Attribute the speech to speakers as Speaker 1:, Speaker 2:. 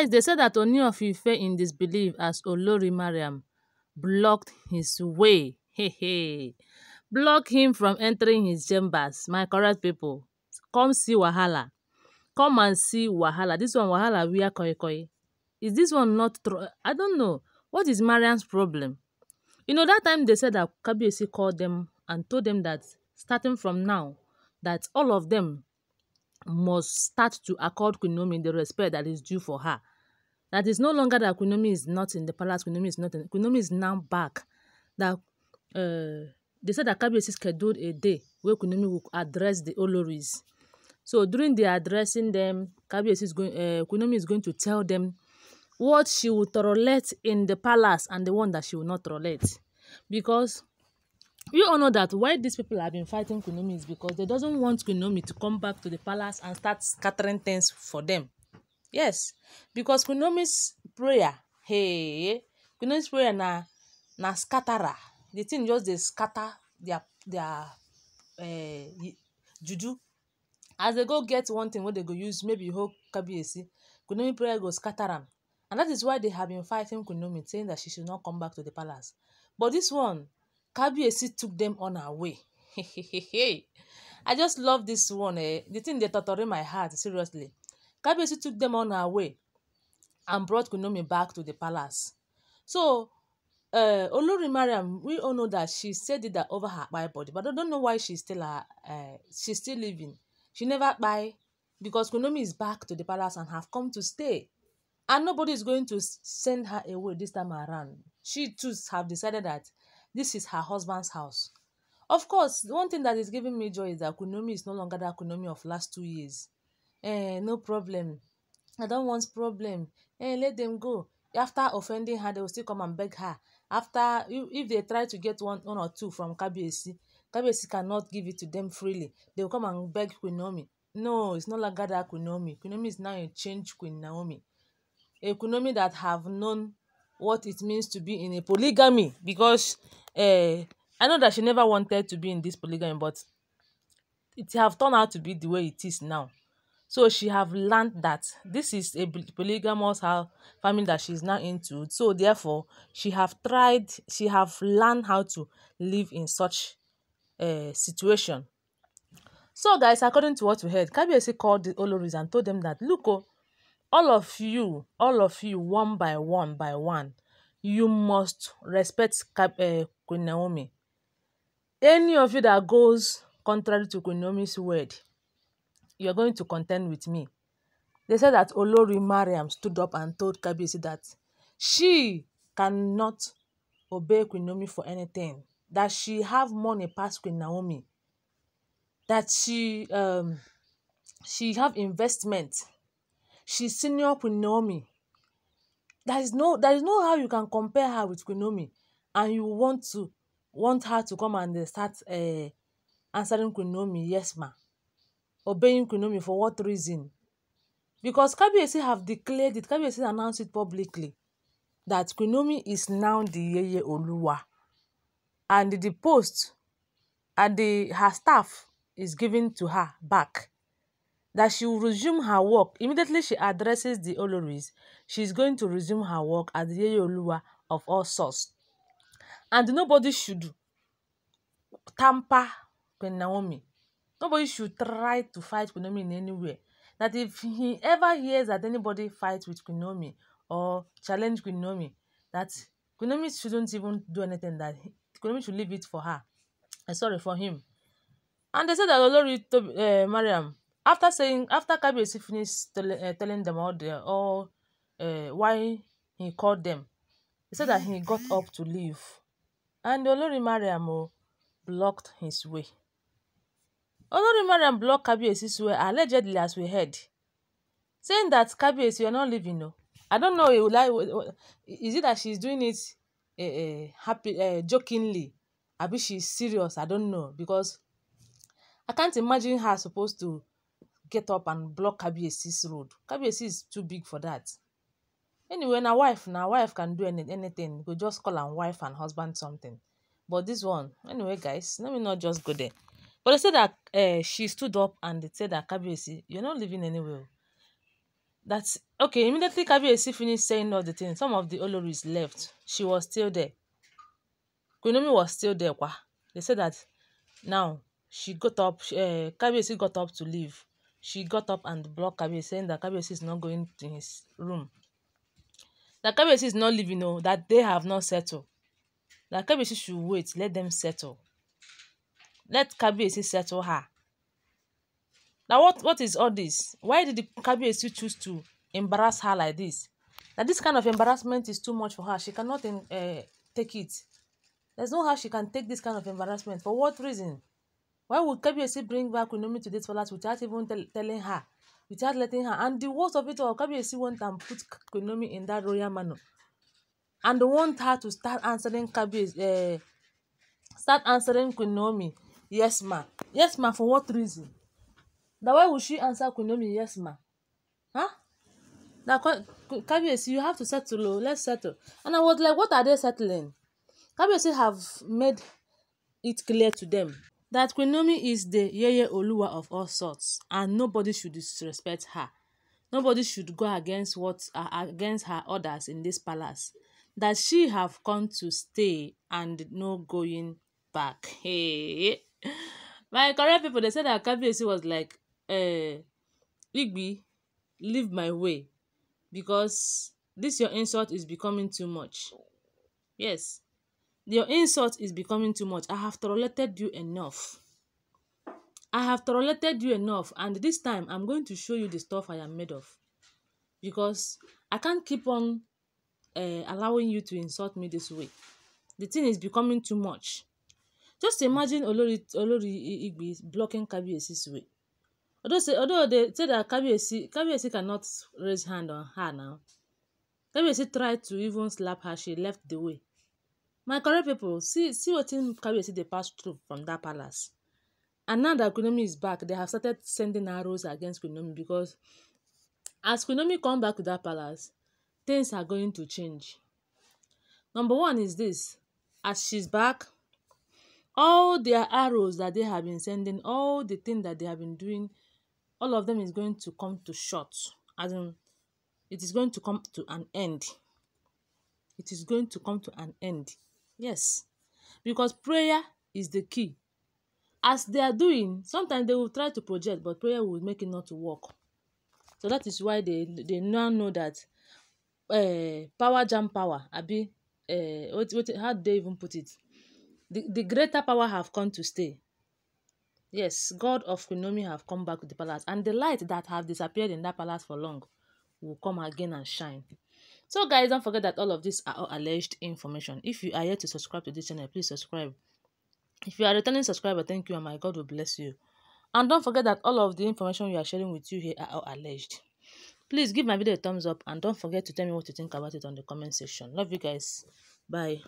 Speaker 1: Besides, they said that Ooni of Ife in disbelief as Olori Mariam blocked his way blocked him from entering his chambers. My correct people, come see wahala. Come and see wahala. This one wahala we are koi koi. Is this one not true? I don't know. What is Mariam's problem? You know, that time they said that Kabiyesi called them and told them that starting from now, that all of them must start to accord Kunomi the respect that is due for her. That is no longer that Kunomi is not in the palace, Kunomi is not in, Kunomi is now back. That uh, they said that Kabiyesi scheduled a day where Kunomi will address the Oloris. So during the addressing them, Kabiyesi is going, uh, Kunomi is going to tell them what she will tolerate in the palace and the one that she will not tolerate. Because we all know that why these people have been fighting Kunomi is because they doesn't want Kunomi to come back to the palace and start scattering things for them. Yes, because Kunomi's prayer, hey, Kunomi's prayer na na scatterer. The thing just dey scatter their their uh, juju. As they go get one thing wey they go use maybe whole Kabiyesi, Kunomi prayer go scatter am. And that is why they have been fighting Kunomi saying that she should not come back to the palace. But this one Kabiyesi took them on her way. I just love this one. Eh? The thing they torture my heart, seriously. Kabiyesi took them on her way and brought Kunomi back to the palace. So, uh, Olori Mariam, we all know that she said it that over her by body, but I don't know why she still uh, uh, eh, she's still living. She never buy because Kunomi is back to the palace and have come to stay. And nobody is going to send her away this time around. She too have decided that this is her husband's house. Of course, one thing that is giving me joy is that Kunomi is no longer the Kunomi of last two years. Eh, no problem. I don't want problem. Eh, let them go. After offending her, they will still come and beg her. After, if they try to get one, one or two from KBC, KBC cannot give it to them freely. They will come and beg Kunomi. No, it's no longer that Kunomi. Kunomi is now a changed Queen Naomi. A Kunomi that have known what it means to be in a polygamy because uh, I know that she never wanted to be in this polygamy, but it have turned out to be the way it is now. So she have learned that this is a polygamous family that she's now into. So therefore, she have tried, she have learned how to live in such a eh, situation. So guys, according to what we heard, Kabiyesi called the Oloris and told them that, look, oh, All of you all of you one by one by one, you must respect Cap. uh, Queen Naomi. Any of you that goes contrary to Queen Naomi's word, you're going to contend with me. They said that Olori Mariam stood up and told Kabiyesi that she cannot obey Queen Naomi for anything, that she have money past Queen Naomi, that she um, she have investment She's senior Queen Naomi. There is no there is no how you can compare her with Queen Naomi and you want to want her to come and uh, start uh, answering Queen Naomi, yes ma, obeying Queen Naomi for what reason? Because Kabiyesi have declared it, Kabiyesi announced it publicly that Queen Naomi is now the Yeye Oluwa and the post and the her staff is given to her back that she will resume her work immediately she addresses the Oloris. She is going to resume her work as the Yeye Oluwa of all sorts. And nobody should tamper Queen Naomi. Nobody should try to fight Queen Naomi in any way. That if he ever hears that anybody fights with Queen Naomi or challenge Queen Naomi, that Queen Naomi shouldn't even do anything that he, Queen Naomi should leave it for her. I'm eh, sorry for him. And they said that Olori uh, Mariam After saying, after Kabiyesi finished tell, uh, eh, telling them all the all uh, why he called them, he said that he got up to leave, and Olori Mariam o oh, blocked his way. Olori Mariam blocked Kabiyesi's way allegedly, as we heard, saying that Kabiyesi, you're not leaving, no. Oh. I don't know. Like, is it that she's doing it uh, happy, uh, jokingly? Abi she's serious? I don't know because I can't imagine her supposed to get up and block Kabiesi's road. Kabiesi is too big for that. Anyway, na wife, na wife can do any, anything. We just call am wife and husband something. But this one, anyway, guys, let me not just go there. But they said that uh, she stood up and they said that Kabiesi, you're not living anywhere. That's okay. Immediately, Kabiesi finished saying all the things. Some of the Oloris left. She was still there. Kunomi was still there. They said that now she got up, she, uh, Kabiesi got up to leave. She got up and blocked Kabiyesi, saying that Kabiyesi is not going to his room. That Kabiyesi is not leaving, no, oh, that they have not settled. That Kabiyesi should wait, let them settle. Let Kabiyesi settle her. Now, what, what is all this? Why did the Kabiyesi choose to embarrass her like this? Now, this kind of embarrassment is too much for her. She cannot uh, take it. There's no how she can take this kind of embarrassment. For what reason? Why would Kabiyesi bring back Kunomi to date Falash without even tell, telling her, without letting her? And the worst of it all, Kabiyesi went and put Kunomi in that royal manner. And they want her to start answering Kabiyesi, uh, start answering Kunomi. yes ma. Yes ma, for what reason? Now why would she answer Kunomi? yes ma? Huh? Now Kabiyesi, you have to settle, oh, let's settle. And I was like, what are they settling? Kabiyesi have made it clear to them that Queen Naomi is the Yeye Oluwa of all sorts and nobody should disrespect her. Nobody should go against what uh, against her orders in this palace. That she have come to stay and no going back. Hey. My correct people they said that Kabiyesi was like uh, Igbi leave my way because this your insult is becoming too much. Yes. Your insult is becoming too much. I have tolerated you enough. I have tolerated you enough, and this time I'm going to show you the stuff I am made of. Because I can't keep on uh, allowing you to insult me this way. The thing is becoming too much. Just imagine Olori, Olori Igbi blocking this way. Although, say, although they say that Kabiesi, Kabiesi cannot raise hand on her now. Kabiesi tried to even slap her, she left the way my correct people see see carry see the pass through from that palace and now that queen is back they have started sending arrows against queen because as queen come back to that palace things are going to change number one is this: as she's back all their arrows that they have been sending all the things that they have been doing all of them is going to come to short as in it is going to come to an end it is going to come to an end Yes, because prayer is the key. As they are doing, sometimes they will try to project, but prayer will make it not to work. So that is why they they now know that uh, power jam power. Abi, uh, eh, what, what, how do they even put it? The, the greater power have come to stay. Yes, God of Kunomi have come back to the palace, and the light that have disappeared in that palace for long will come again and shine. So guys, don't forget that all of these are all alleged information. If you are yet to subscribe to this channel, please subscribe. If you are a returning subscriber, thank you and my God will bless you. And don't forget that all of the information we are sharing with you here are all alleged. Please give my video a thumbs up and don't forget to tell me what you think about it on the comment section. Love you guys. Bye.